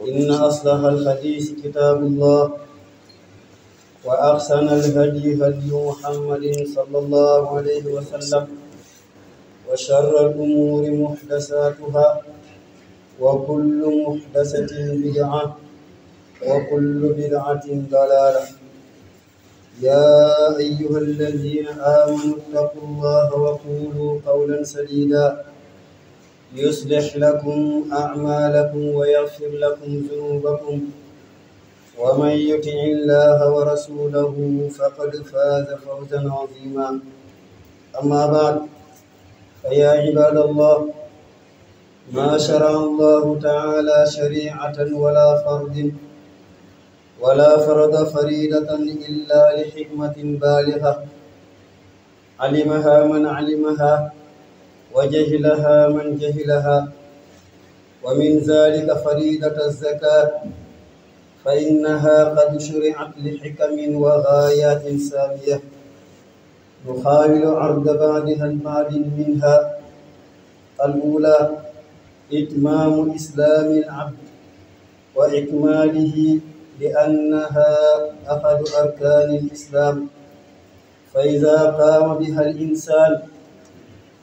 إن أصلح الحديث كتاب الله وأحسن الهدي هدي محمد صلى الله عليه وسلم وشر الأمور محدثاتها وكل محدثة بدعة وكل بدعة ضلالة يا أيها الذين آمنوا اتقوا الله وقولوا قولا سديدا يصلح لكم أعمالكم ويغفر لكم ذنوبكم ومن يطع الله ورسوله فقد فاز فوزا عظيما أما بعد فيا عباد الله ما شرع الله تعالى شريعة ولا فرد ولا فرض فريدة إلا لحكمة بالغة علمها من علمها وجهلها من جهلها ومن ذلك فريدة الزكاة فإنها قد شرعت لحكم وغايات سامية نحاول عرض بعضها المال منها الأولى إتمام إسلام العبد وإكماله لأنها أحد أركان الإسلام فإذا قام بها الإنسان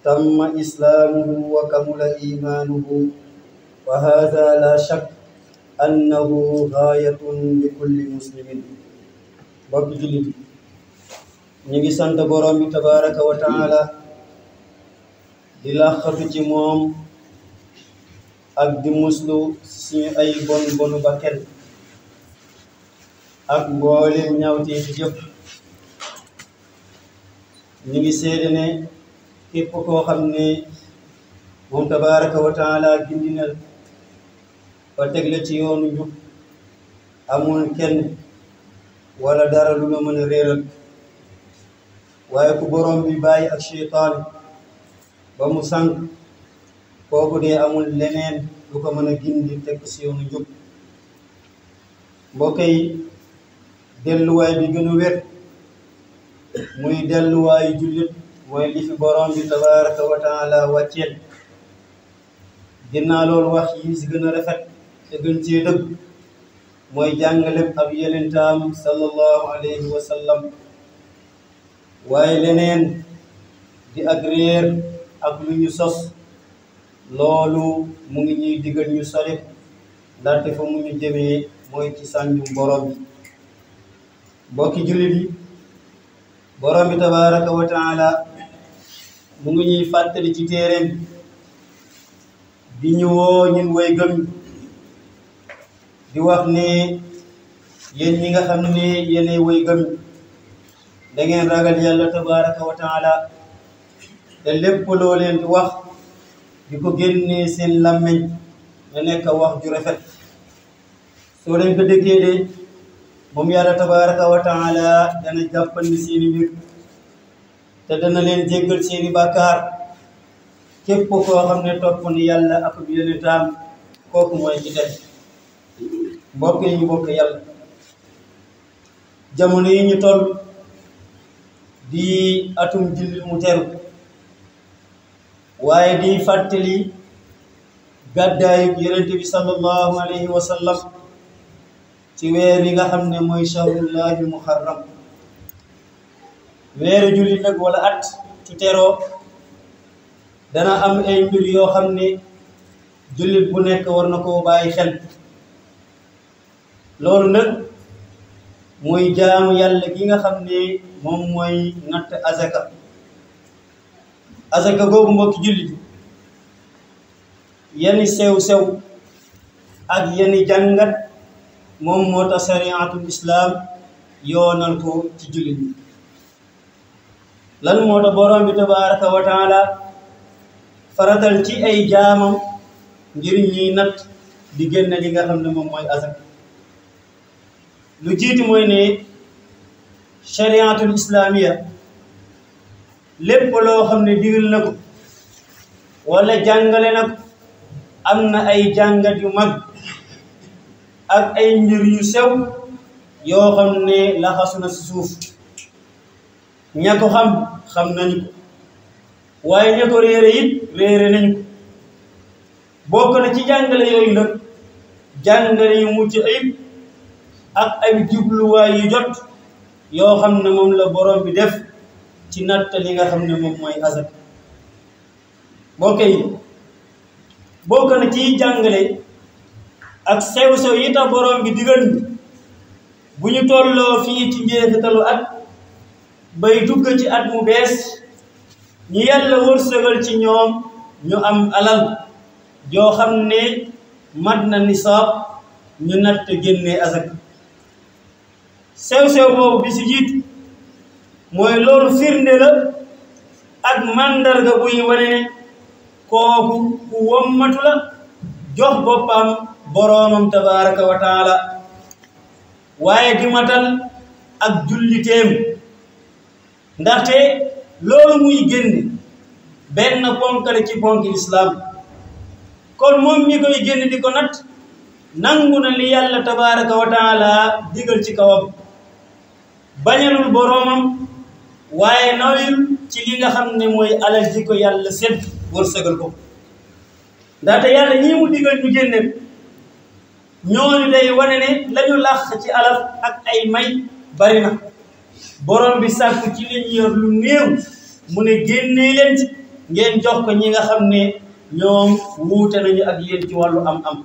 تم إسلامه وكمل إيمانه وهذا لا شك أنه غاية لكل مسلم bokk jullit ñu ngi sant borom bi tabaraka wa taala di làqatu ci moom ak di muslu suñu ay bon bonu bakkel ak mboolem ñaawtee fi jëpp ñu ngi seede ne képp koo xam ni moom tabaraka wa taala gindinal ba teg ci yoonu njub amul kenn wala dara lu la mën a réeral waaye ku borom bi bàyyi ak cheytaan ba mu sànq kooku dee amul leneen lu ko mën a gindi teg ci yoonu njub mbokk delluwaay bi gën a wér muy delluwaayu jullit mooy li fi borom bi tabaraka wa taala wàcceel ginnaaw loolu wax yi si gën a rafet te gën cee dëgg mooy jàngale ab yelintaam sallallahu alayhi wa sallam waaye leneen di ak ak lu ñu sos loolu mu ngi ñuy digal ñu sori ndaxte fa mu ñu jëmee mooy ci sànjum borom bi mbokki jullit yi borom bi tabaraka wa taala mu ngi ñuy fàttali ci téereem bi ñu woo ñun woy gëm di wax ni yéen ñi nga xam ni yéenay woy gëm da ngeen ragal yàlla tabaraka wa taala te lépp loo leen di wax di ko génnee seen làmmiñ na nekk wax ju rafet soo leen ko déggee de moom yàlla tabaraka wa taala dana jàppandi seeni mbir te dana leen jéggal seeni bàkkaar képp koo xam ne topp ni yàlla ak yonentam kooku mooy ci def mbokk yi ñu bokk yàlla jamono yi ñu toll di atum jullit mu teru waaye di fàttali gàddaayu yonente bi alayhi wa sallam ci weer yi nga xam ne mooy shahrullahi muharram weeru jullit nag wala at ci teroo dana am ay yoo xam ne jullit bu nekk war na koo bàyyi xel loolu nag mooy jaamu yàlla ki nga xam ne moom mooy natt azaka azaka googu mbokki jullit yani sew-sew ak yani jàngat moom moo tax sariatul islaam yoonal ko ci jullit ñi lal moo tax borom bi tabaraka wa taala faratal ci ay jaamam ngir ñiy natt di génn li nga xam ne moom mooy azak lu jiitu mooy ne chariatul islamiya lépp loo xam ne digal na ko wala jàngale na am na ay jàngat yu mag ak ay mbir yu sew yoo xam ne laxasu na si suuf ña xam xam nañu waaye ña réer réere it réere nañu ko bokk na ci jàngale yooyu nag jàngale yu mucc ayib ak ay jubluwaay yu jot yoo xam ne moom la borom bi def ci natt li nga xam ne moom mooy asaka bokk yi bokk na ci jàngale ak sew-sew yi tax borom bi digal bu ñu tolloo fii ci njeexitalu at bay dugg ci at mu bees ñu yàlla wërsëgal ci ñoom ñu am alal joo xam ne mat na nisaab ñu natt génnee azak sew-sew boobu bi si jiit mooy loolu firnde la ak màndarga buy wane ne kooku ku wommatu la jox boppam boroomam tabaraka wa waaye di matal ak julliteem ndaxte loolu muy génne benn ponk la ci ponk islaam kon moom mi koy génne di ko nat nangu na li yàlla tabaraka wa taala digal ci kawam bañalul boroomam waaye noyul ci li nga xam ne mooy alal ji ko yàlla sedd ko ndaxte yàlla ñii mu digal ñu génne ñooñu day wane ne la ñu ci alal ak ay may bari na borom bi sàkku ci li ñu lu néew mu ne génnee leen ci ngeen jox ko ñi nga xam ne ñoom wuute nañu ak yéen ci wàllu am-am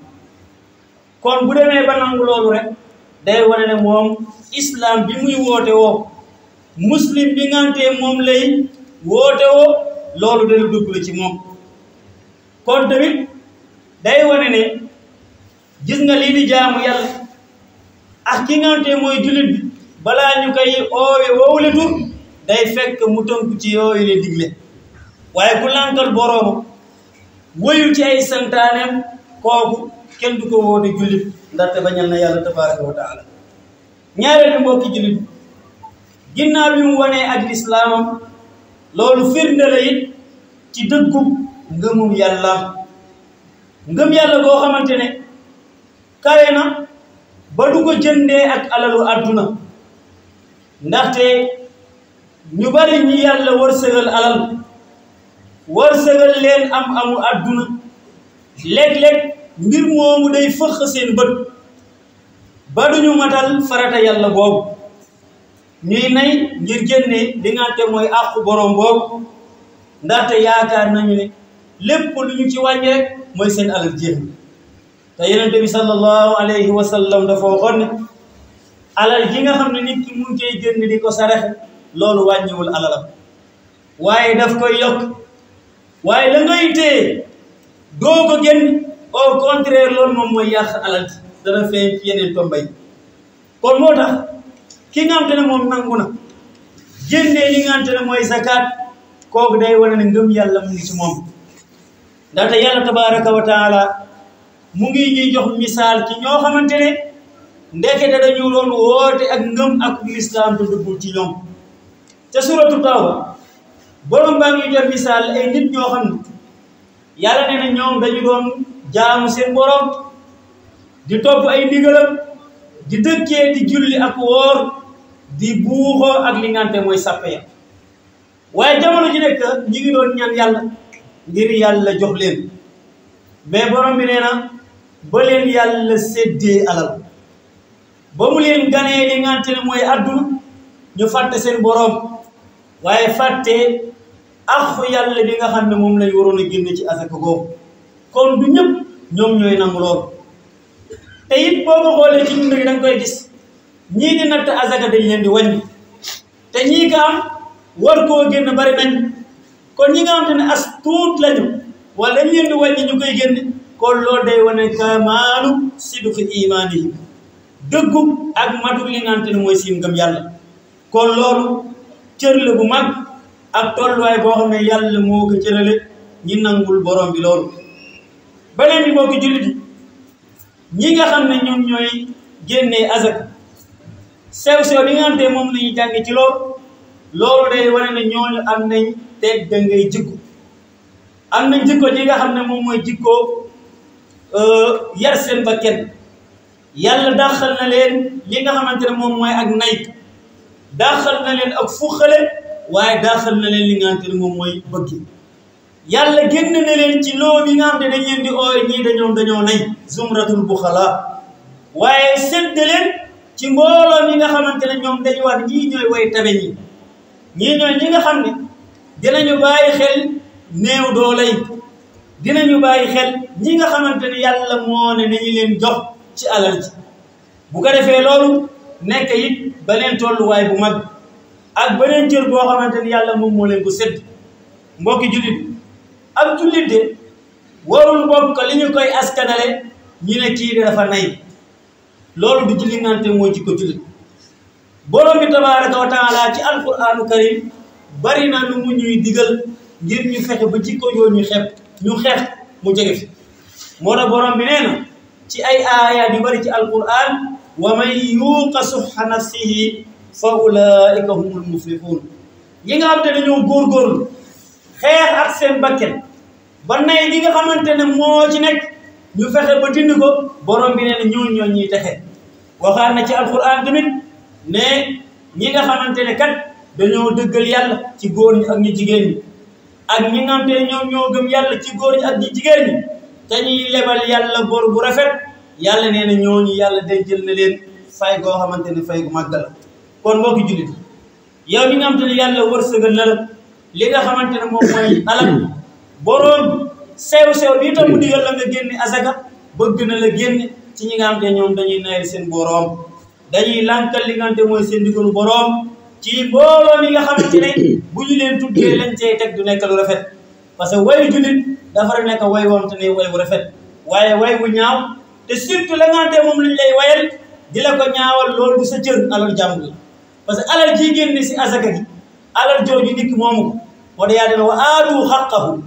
kon bu demee ba nangu loolu rek day wane ne moom islaam bi muy woote woo muslim bi ngantee moom lay woote woo loolu dana dugg la ci moom kon tamit day wane ne gis nga lii di jaamu yàlla ak ki ngantee mooy jullit bi balaa ñu koy oowe woowule tur day fekk mu tënku ci yooyu le digle waaye ku lànkal boroomu wëyu ci ay santaaneem kooku kenn du ko woote jullit ndaxte bañal na yàlla tabaraka wa taala ñaareelu mbokki jullit ginnaaw bi mu wanee ak loolu firnde la it ci dëggu ngëmum yàlla ngëm yàlla goo xamante ne kawe na ba du jëndee ak alalu àdduna ndaxte ñu bari ñi yàlla wërsëgal alal wërsëgal leen am amu àdduna léeg-léeg mbir moomu day fëq seen bët ba duñu matal farata yàlla boobu ñuy nay ngir génne li ngante mooy àqu borom boobu ndaxte yaakaar nañu ne lépp lu ñu ci wàññi rek mooy seen alal jéem te yonent bi sallallahu alayhi wa sallam dafa waxoon alal ji nga xam ne nit ki mu ngi di ko sarax loolu wàññiwul alalam waaye daf koy yokk waaye la ngay téye doo ko génn au contraire loolu moom mooy yàq alal ji dana feeñ ci yeneen tombay kon moo tax ki nga xam te ne moom nangu na génnee li nga xam te ne mooy zakat kooku day wane ne ngëm yàlla mu ngi si moom ndaxte yàlla tabaraka wa mu ngi ñuy jox misaal ci ñoo xamante ne ndekete dañu doon woote ak ngëm ak lislaam te duggul ci ñoom te suratu tawba borom baa ngi jot misaal ay nit ñoo xam ne yàlla nee na ñoom dañu doon jaamu seen borom di topp ay ndigalam di dëkkee di julli ak woor di buuxoo ak li ngante mooy sàppe ya jamono ji nekk ñi ngi doon ñaan yàlla ngir yàlla jox leen mais borom bi nee na ba leen yàlla séddee alal ba mu leen ganee li ngante ne mooy adduna ñu seen boroom waaye fàtte axu yàlla bi nga xam ne moom lay waroon a génn ci asaka googu kon du ñëpp ñoom ñooy nangu lool te it boo ko ci dund gi da koy gis ñii di natt asaka dañ leen di wàññi te ñii ka am war koo génn bari nañ kon ñi nga xam te ne as tuut lañu wala dañ leen di wàññi ñu koy génn kon loolu day wane kamaalu sidqi imaanihim dëggu ak matul li nga xamante ne mooy siim ngëm yàlla kon loolu cër la bu mag ak tolluwaay boo xam ne yàlla moo ko cërale ñi nangul borom bi loolu beneen bi moo ko jullit ñi nga xam ne ñoom ñooy génnee azak sew sew li nga xamante moom la ñuy jàng ci loolu loolu day wane ne am nañ ngay jikko am nañ jikko ji nga xam ne moom mooy jikko euh, yar seen ba kenn yàlla dàqal na leen li nga xamante ne moom mooy ak nay dàqal na leen ak fuxale waaye dàqal na leen li nga xamante ne moom mooy bëgg yàlla génn na leen ci loolu yi xam ne dañ leen di ooy ñii dañoo dañoo nay zumratul buxala waaye sedd leen ci mbooloo mi nga xamante ne ñoom dañu wax ñii ñooy way tabe ñi ñii ñooy ñi nga xam ne dinañu bàyyi xel néew doole yi dinañu xel ñi nga xamante ne yàlla moo ne nañu leen jox ci alal ji bu ko defee loolu nekk it beneen tolluwaay bu mag ak beneen cër boo xamante ni yàlla moom moo leen ko sedd mbokki jullit ak jullit de warul bokk li ñu koy askanale ñu ne kii de dafa nay loolu du julli ngante moo ci ko jullit borom bi tabaaraka wa taala ci alquraanu karim bari na lu mu ñuy digal ngir ñu fexe ba jikko yoo ñu xeeb ñu xeex mu jege fi moo tax borom bi nee na ci ay aayaat yu bari ci alquran wa man yuuqa suxa nafsihi fa ulaika humul muflihun ñi nga xam te dañoo góorgóorlu xeex ak seen bakken ba nay li nga xamante ne moo ci nekk ñu fexe ba dindi ko borom bi nee na ñooñu ñoo ñuy texe waxaat na ci alquran tamit ne ñi nga xamante ne kat dañoo dëggal yàlla ci góor ñi ak ñu jigéen ñi ak ñi nga xamante ne ñoom ñoo gëm yàlla ci góor ñi ak ñu jigéen ñi te ñuy lebal yàlla bor bu rafet yàlla nee na ñooñu yàlla dencal na leen fay goo xamante ne fay gu màgg la kon mbokki jullit yow li nga xamante ne yàlla wërsëgal li nga xamante ne moom mooy alal boroom sew sew lii tam mu digal la nga génne asaka bëgg na la génne ci ñi nga ñoom dañuy nayal seen boroom dañuy lànkal li nga xamante mooy seen ndigalu boroom ci mbooloo mi nga xamante ne bu ñu leen tuddee lañ cey teg du nekk lu rafet parce que wayu jullit dafa nekk way wante way rafet waaye way wu ñaaw te la nga xam moom lañ lay wayal di la ko ñaawal loolu du sa alal jàmm la parce que alal ji génn si asaka gi alal jooju nit ki moomu moo da yaa dina wa aatu xaqahu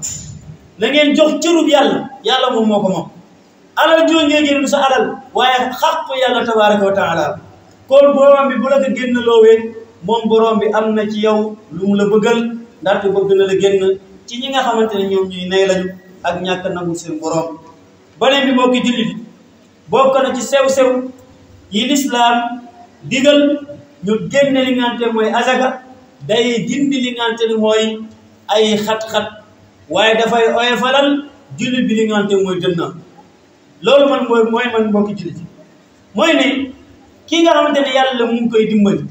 na ngeen jox cërub yàlla yàlla moom moo ko moom alal jooju ngay génn du sa alal waaye xaqu yàlla tabaraka wa taala kon borom bi bu la ko génn loowee moom borom am na ci yow lu mu la bëggal ndaxte bëgg na la ci ñi nga xamante ne ñoom ñuy nay lañu ak ñàkk nangu seen boroom beneen moo mbokki jullit bokk na ci sew-sew yi lislaam digal ñu génne li ngante mooy azaka day ni mooy ay xat-xat waaye dafay oyofalal jullit bi li ngante mooy dënna loolu man mooy mooy man mbokki jullit mooy ne ki nga xamante ne yàlla mu ngi koy dimbali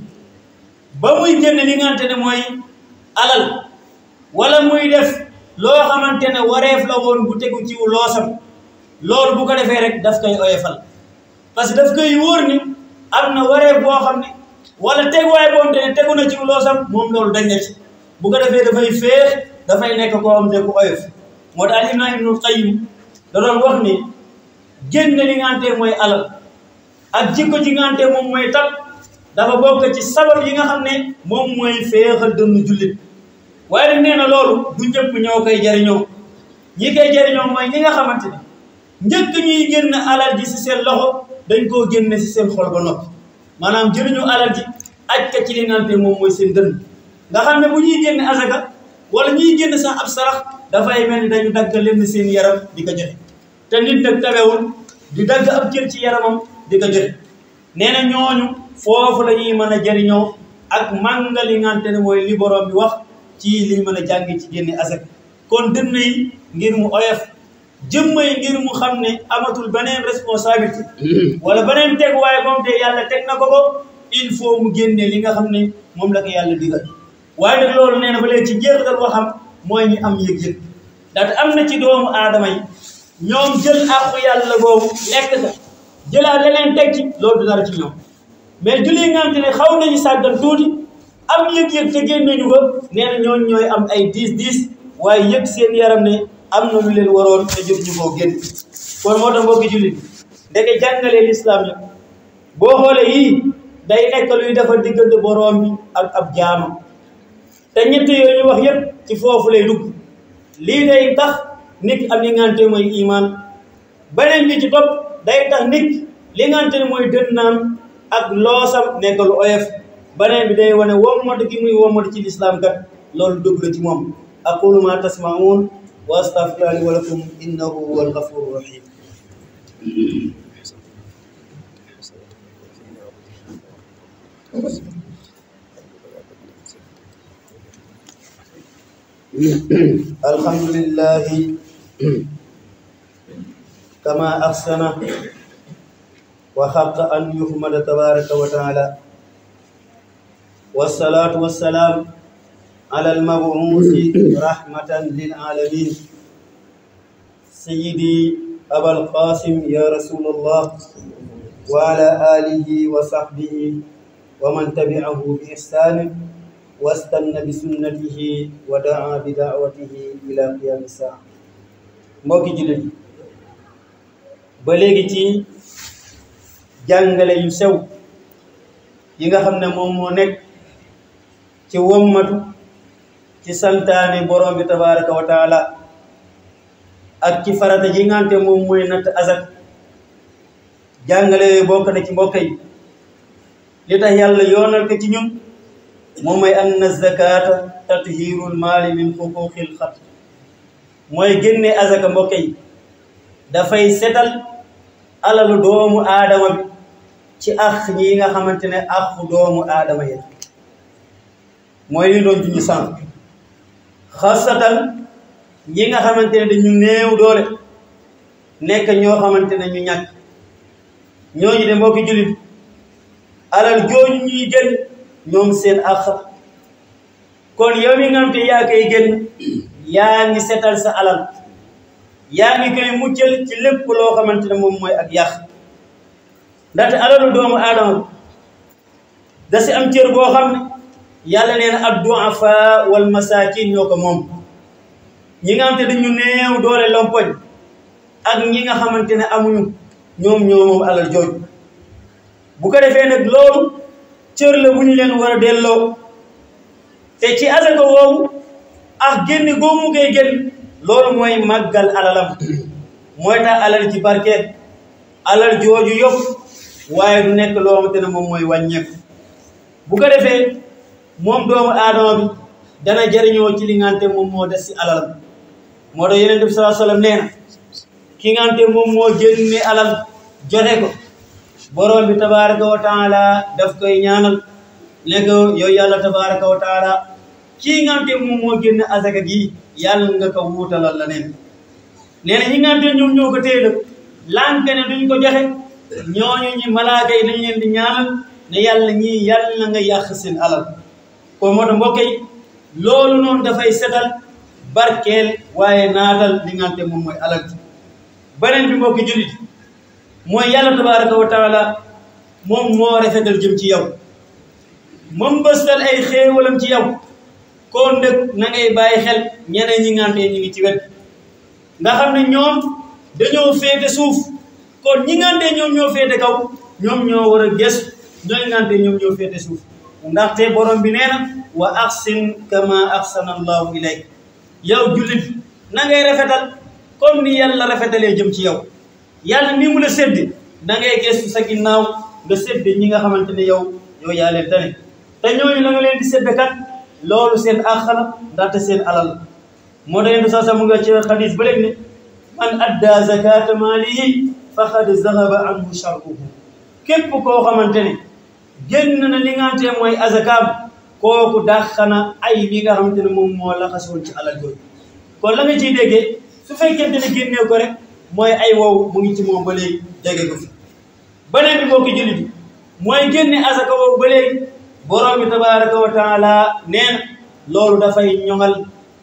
ba muy génne li ngante ne mooy alal wala mooy def loo xamante ne wareef la woon bu tegu ciw loosam loolu bu ko defee rek daf koy oyofal parce que daf koy ni am na wareef boo xam ne wala teguwaay boo xamante ne tegu i ciw loosam moom loolu dañ na bu ko defee dafay dafay nekk koo xam ne ku oyof moo tax Imaam Ibnul Qayyim da doon wax ni génn li nga xamante mooy alal ak jikko ji nga xamante moom mooy tab dafa boo ci sabab yi nga xam ne moom mooy féexal dënnu jullit waaye nag nee na loolu bu ñëpp ñoo koy jariñoo ñi koy jariñoo mooy ñi nga xamante ne njëkk ñuy génn alal ji si seen loxo dañ koo génne si seen xol ba noppi maanaam jëriñu alal ji aj ka ci li nante moom nga ne bu ñuy génn asaka wala ñuy génn sax ab sarax dafay mel ni dañu dagg lenn seen yaram di ko joxe te nit nag tawewul di dagg ab ci yaramam di ko joxe nee na ñooñu foofu la ñuy mën a jariñoo ak mànga li ngante ne mooy li borom bi wax ci liñ mën a jàng ci génne asaka kon dënn yi ngir mu oyof jëmm yi ngir mu xam ne amatul beneen responsabilité mm-hmm. wala beneen teg waaye moom te yàlla teg na ko il faut mu génne li nga xam ne moom la ko yàlla digal waaye nag loolu nee na ba léegi ci jeexital boo xam mooy ñu am yëg-yëg am na ci doomu aadama yi ñoom jël àqu yàlla boobu lekk sa jëlaat leneen teg loolu du dara ñoom mais julli nga xam ne xaw nañu am yëg-yëg te génne ñu ko nee na am ay diis diis waaye yëg seen yaram ne am na lu leen waroon te jot ñu koo génn kon moo tax mbokki jullit ndeke jàngalee lislaam yi boo xoolee yii day nekk luy defar diggante boroom bi ak ab jaamam te ñett yooyu ñu wax yëpp ci foofu lay dugg lii day tax nit am li ngante mooy imaan beneen bi ci topp day tax nit li ngante mooy dënnaam ak loosam nekk lu beneen bi day wane wommatu gi muy wommatu ci lislaam kat loolu dugg la ci moom aqulu ma tasmaun wa astaghfirullaha li wa lakum innahu huwal ghafurur rahim alhamdulillahi kama ahsana wa haqa an yuhmada tabaraka wa taala والصلاة والسلام على المبعوث رحمة للعالمين سيدي أبا القاسم يا رسول الله وعلى آله وصحبه ومن تبعه بإحسان واستنى بسنته ودعا بدعوته إلى قيام الساعة mbokki jullit yi ba léegi ci jàngale yu sew yi nga xam ne moom moo nekk ci ci santaane borom bi tabaraka wa ak ci farata yi ngante moom mooy natt azak jàngale yooyu na ci mbokk yi li tax yoonal ko ci ñun moom mooy anna zakata tathirul maali min xuquqil xat mooy génne azaka mbokk dafay setal alalu doomu aadama ci ax yi nga xamante ne axu doomu aadama mooy li doon junj sànq xasatan ñi nga xamante ne dañu néew doole nekk ñoo xamante ne ñu ñàkk ñooñu de mbokki jullit alal jooju ñuy génn ñoom seen àq kon yow mi nga xam te yaa koy génn yaa ngi seetal sa alal yaa ngi koy muccal ci lépp loo xamante ne moom mooy ak yàq ndaxte alalu doomu aadama da si am cër boo xam yàlla nee na adduafa wal masaakin ñoo ko moom ñi nga xamante dañu néew doole lompoñ ak ñi nga xamante ne amuñu ñoom ñoo alal jooju bu ko defee nag loolu cër la bu ñu leen war a delloo te ci asaka woowu ak génn goomu koy génn loolu mooy màggal alalam mooy tax alal ci barke alal jooju yëpp waaye du nekk loo xamante ne moom mooy wàññeeku bu defee moom doomu aadama bi dana jariñoo ci li nga moom moo des si alalam moo tax yeneen bi sallallahu alayhi wasallam nee na ki nga moom moo génne alal joxe ko borom bi tabaraka wa la daf koy ñaanal ne yow yàlla tabaraka wa taala kii nga xamante moom moo génne asaka gi yàlla nga ko wuutalal la neen nee na ñi nga xamante ñoom ñoo ko téye la lànk ne duñ ko joxe ñooñu ñi malaaka yi dañ leen di ñaanal ne yàlla ñii yàlla nga yàq seen alal kon moo tax mbokk yi loolu noonu dafay setal barkeel waaye naatal li nga xam moom mooy alal ji beneen bi mbokki jullit mooy yàlla tabaraka wa taala moom moo rafetal jëm ci yow moom bëstal ay xéewalam ci yow kon nag na ngay xel ñeneen ñi nga xam ne ñu ngi ci wet nga xam ne ñoom dañoo féete suuf kon ñi nga xam ne ñoom ñoo féete kaw ñoom ñoo war a gëstu ñooy nga ñoom ñoo féete suuf ndaxte borom bi nee na wa axsin kama axsana allahu ilayk yow jullit na ngay rafetal comme ni yàlla rafetalee jëm ci yow yàlla ni mu la sédd da ngay gëstu sa ginnaaw nga sédd ñi nga xamante ne yow yow yaa leen tane te ñooñu la nga leen di sédd kat loolu seen àq la ndaxte seen alal moo tax yéen saa mu nga ci xadis ba léegi ne man adda zakata maalihi faqad zahaba anhu sharruhu képp koo xamante ne génn na li nga xamante ne mooy azakaam kooku dàq na ay li nga xamante ne moom moo laxasoon ci alal jooju kon la nga ciy déggee su fekkente ne ko rek mooy ay wow mu ci moom ba léegi dégge ko fi beneen bi mbokki jullit bi mooy génne azaka wow ba léegi borom bi tabaraka wa taala nee na loolu dafay ñoŋal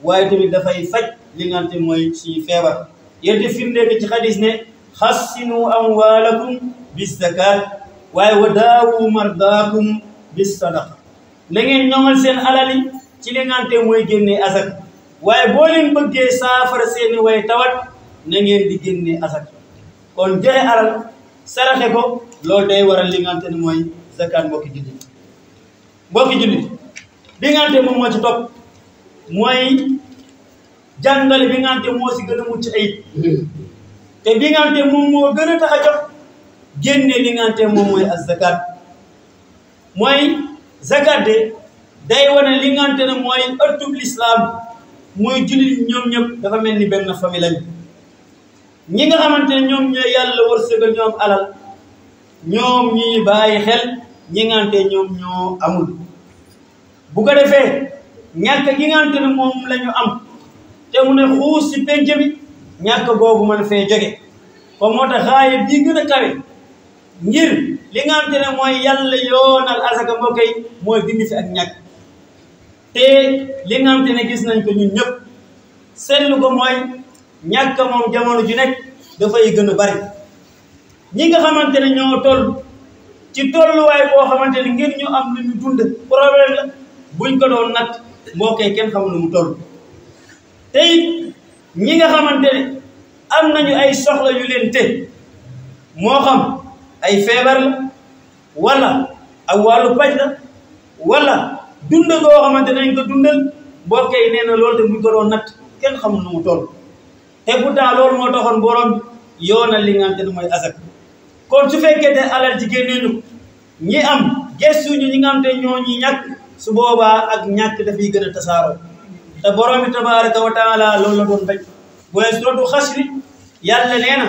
waaye tamit dafay faj li nga xamante ne mooy suñu feebar yéen di firndee ci xadis ne xassinu amwaalakum bis zakat waaye wa daawu mardaakum bis sadaqa na ngeen ñoŋal seen alal yi ci li ngante mooy génnee asak waaye boo leen bëggee saafara seen way tawat na ngeen di génnee asak kon joxe alal saraxe ko loolu day waral li ni mooy zakat mbokki jullit mbokki jullit bi ngante moom moo ci topp mooy jàngale bi ngante moo si gën a mucc ayib hmm. te bi ngante moo gën a a jot génne li nga xamante moom mooy azzakat mooy zakat de day wane li nga xamante mooy ëttub lislaam mooy jullit ñoom ñëpp dafa mel ni benn famille lañ ñi nga xamante ne ñoom ñoo yàlla wërsëgal ñoom alal ñoom ñuy bàyyi xel ñi nga ñoom ñoo amul bu ko defee ñàkk gi nga xamante moom la am te mu ne xuus si penc bi ñàkk googu mën fee jóge kon moo tax xaaye bii gën a ngir li nga xamante ne mooy yàlla yoonal asaka mbokk yi mooy dindi fi ak ñàkk te li nga xamante ne gis nañ ko ñun ñëpp seetlu ko mooy ñàkk moom jamono ji nekk dafay gën a bari ñi nga xamante ne ñoo toll ci tolluwaay boo xamante ne ngir ñu am lu ñu dund problème la buñ ko doon nat mbokk yi kenn xamul mu toll te ñi nga xamante ne am na ñu ay soxla yu leen te moo xam. ay feebar la wala ak wàllu paj la wala dund goo xamante nañ ko dundal mbokk yi nee na loolu te buñ ko doon natt kenn xamul nu mu toll te pourtant loolu moo taxoon borom yoonal li nga xamante ne mooy asak kon su fekkee ne alal jigéen ñi ñi am gëstuñu ñi nga xamante ñoo ñi ñàkk su boobaa ak ñàkk dafay gën a tasaaroo te borom bi tabaaraka wa taala loolu la doon bañ booy suratu xasri yàlla nee na.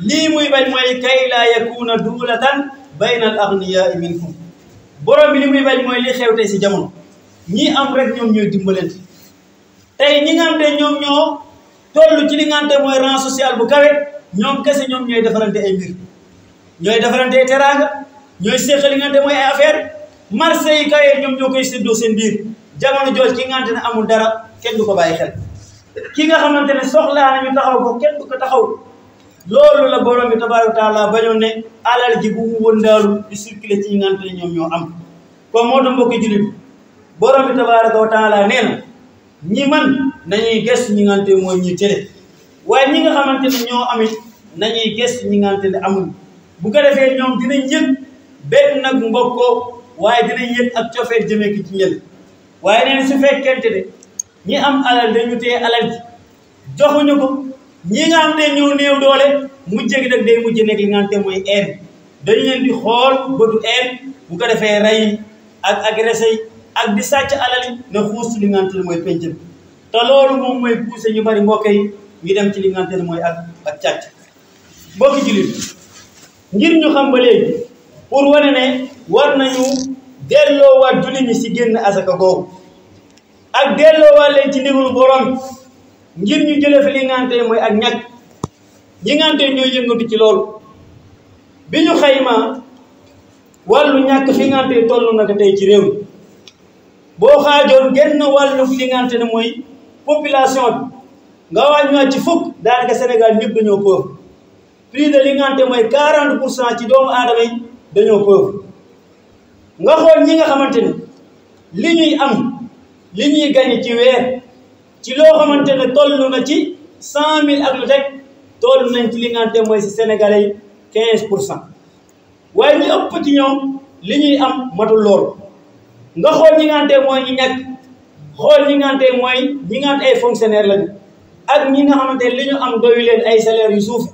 lii muy bañ mooy kay laa yakuna duulatan bayna al agniyaa minkum borom bi li muy bañ mooy li xew tey si jamono ñi am rek ñoom ñooy dimbalante tey ñi nga xam te ñoom ñoo toll ci li nga xam mooy rang social bu kawe ñoom kese ñoom ñooy defarante ay mbir ñooy defarante ay teraanga ñooy seqal li nga xam mooy ay affaire marché yi kawe ñoom ñoo koy séddoo seen biir jamono jooj ci nga xam ne amul dara kenn du ko bàyyi xel ki nga xamante ne soxlaa nañu taxaw ko kenn du ko taxaw loolu la borom bi tabaaraka taala bañoon ne alal ji bu mu wëndaalu di circuler ci ñi ñoom ñoo am kon moo tax mbokki jullit borom bi tabaaraka wa taala nee na ñi man nañuy ges ñi nga xamante mooy ñi tële waaye ñi nga xamante ne ñoo amit nañuy ges ñi nga xamante ne amul bu ko defee ñoom dina yëg benn nag mbokkoo waaye dinañ yëg ak cofee jëmee ki ci ñël waaye neen su fekkente ne ñi am alal dañu téye alal ji joxuñu ko ñi nga xam te ñoo néew doole mujj gi nag day mujj nekk li nga xam te mooy haine dañu leen di xool bëtu haine bu ko defee rey ak agressé yi ak di sàcc alal yi na xuus li nga xam te mooy penc bi moom mooy poussé ñu bari mbokk yi ñu dem ci li nga xam te mooy ak ak càcc mbokki jullit ngir ñu xam ba léegi pour wane ne war nañu delloowaat jullit ñi si génn asaka googu ak delloowaat leen ci ndigalu borom ngir ñu jëlee fi li ngante mooy ak ñàkk ñi ngante ñooy yëngatu ci loolu bi ñu xayma wàllu ñàkk fi ngante toll na ko tey ci réew boo xaajoon genn wàllu fi ngante ne mooy population bi nga wàññiwaat ci fukk daanaka Sénégal ñëpp dañoo pauvre prix de li ngante mooy 40 pour cent ci doomu aadama yi dañoo pauvre nga xool ñi nga xamante ni li ñuy am li ñuy gañe ci weer ci loo xamante ne toll na ci cent mille ak lu teg toll nañ ci li nga xamante mooy si sénégalais yi quinze pour cent waaye ñu ëpp ci ñoom li ñuy am matul loolu nga xool ñi nga xamante mooy ñi ñàkk xool ñi nga xamante mooy nga xamante ay fonctionnaire lañu ak ñi nga xamante ne li ñu am doyu leen ay salaire yu suuf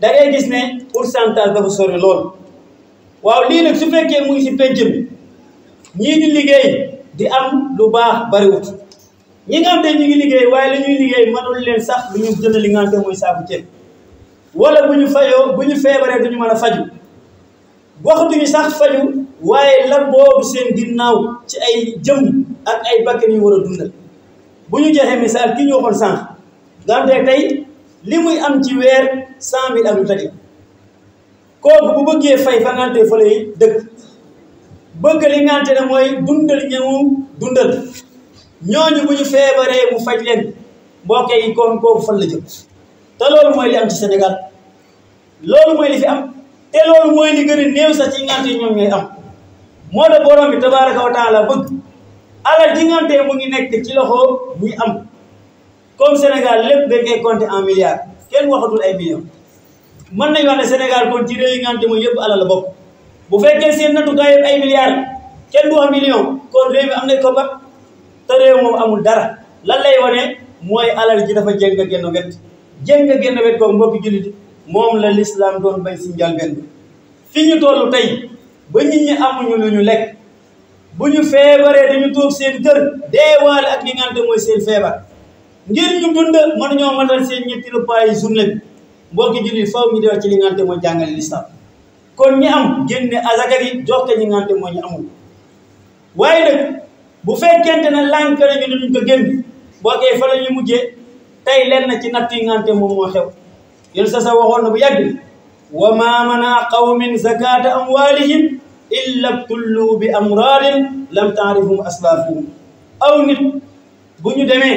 da ngay gis ne pourcentage dafa sori loolu waaw lii nag su fekkee mu ngi si penc bi ñii di liggéey di am lu baax bariwut ñi nga xam te ñu ngi liggéey waaye la ñuy liggéey mënul leen sax lu ñu jënd li nga xam te mooy saabu ceeb wala bu ñu fajoo bu ñu feebaree duñu mën a faju waxtuñu sax faju waaye la boobu seen ginnaaw ci ay jëm ak ay bakkan yu war a dundal bu ñu joxee misaal ki ñu waxoon sànq nga xam te tey li muy am ci weer cent mille ak lu tege kooku bu bëggee fay fa ngante fële yi dëkk bëgg li ngante ne mooy dundal ñëwu dundal ñooñu bu ñu feebaree mu faj leen mbokk yi kon kooku fan la jëm te loolu mooy li am ci Sénégal loolu mooy li fi am te loolu mooy li gën a néew sax ci ngante ñoom ñooy am moo da borom bi tabaraka wa taala bëgg alal ji ngante mu ngi nekk ci loxo muy am comme Sénégal lépp dañ koy compter en milliards kenn waxatul ay millions mën nañu wax ne Sénégal kon ci réew yi ngante mooy yëpp alal la bokk bu fekkee seen nattukaay yëpp ay milliards kenn du wax million kon te moom amul dara lan lay wane mooy alal ji dafa jéng genn wet jéng genn wet kooku mbokki jullit moom la lislaam doon bañ si njàngan bi fi ñu toll tey ba nit ñi amuñu lu ñu lekk bu ñu feebaree dañu toog seen kër deewaale ak li nga xam ne mooy seen feebar ngir ñu dund man ñoo matal seen ñetti repas yi journée bi mbokki jullit faw ñu def ci li nga xam ne mooy jàngale lislaam kon ñi am génne azakar yi jox ko ñi nga mooy ñu amul waaye nag bu fekkente ne lànk nañu ne duñ ko génn boo kee fa la ñu mujjee ci natt yi ngante moom moo xew yén sa sa waxoon na bu yàgg wa ma mana qawmin zakata amwalihim illa tullu bi amradin lam taarifum aslaafuhum aw nit bu ñu demee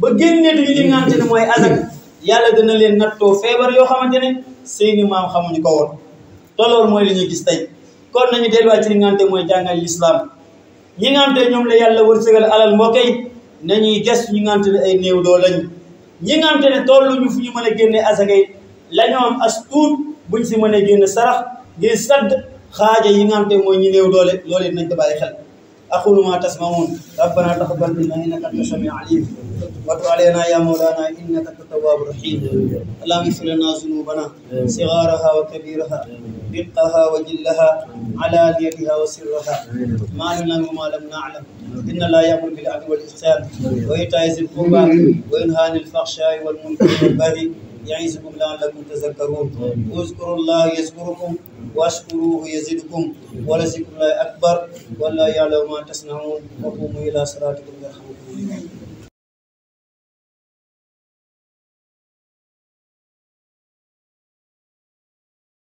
ba génnee duñu li ngante ne mooy azak yàlla dina leen nattoo feebar yoo xamante ne seeni maam xamuñu ko woon te loolu mooy li ñuy gis tey kon nañu delluwaat ci li ngante mooy jàngal lislaam ñi nga xamante ne ñoom la yàlla wërsëgal alal mbokk yi nañuy ñi nga xamante ne ay néew doo lañ ñi nga xamante ne tolluñu fu ñu mën a génne asaka yi la ñu am as tuut buñ si mën a génne sarax ngir sadd xaaja yi nga xamante ne mooy ñi néew doole loolu it nañ ko bàyyi xel aqulu ma tasmaun rabbana taqabbal minna innaka anta samiu alim wa tub alayna ya mawlana innaka anta tawwabu rahim allahumma ighfir lana zunubana sigaraha wa kabiraha دقها وجلها علانيتها وسرها ما نعلم وما لم نعلم إن الله يأمر بالعدل والإحسان وإيتاء ذي القربى وينهى عن الفحشاء والمنكر والبغي يعظكم لعلكم تذكرون اذكروا الله يذكركم واشكروه يزدكم ولذكر الله أكبر والله يعلم ما تصنعون وقوموا إلى صلاتكم يرحمكم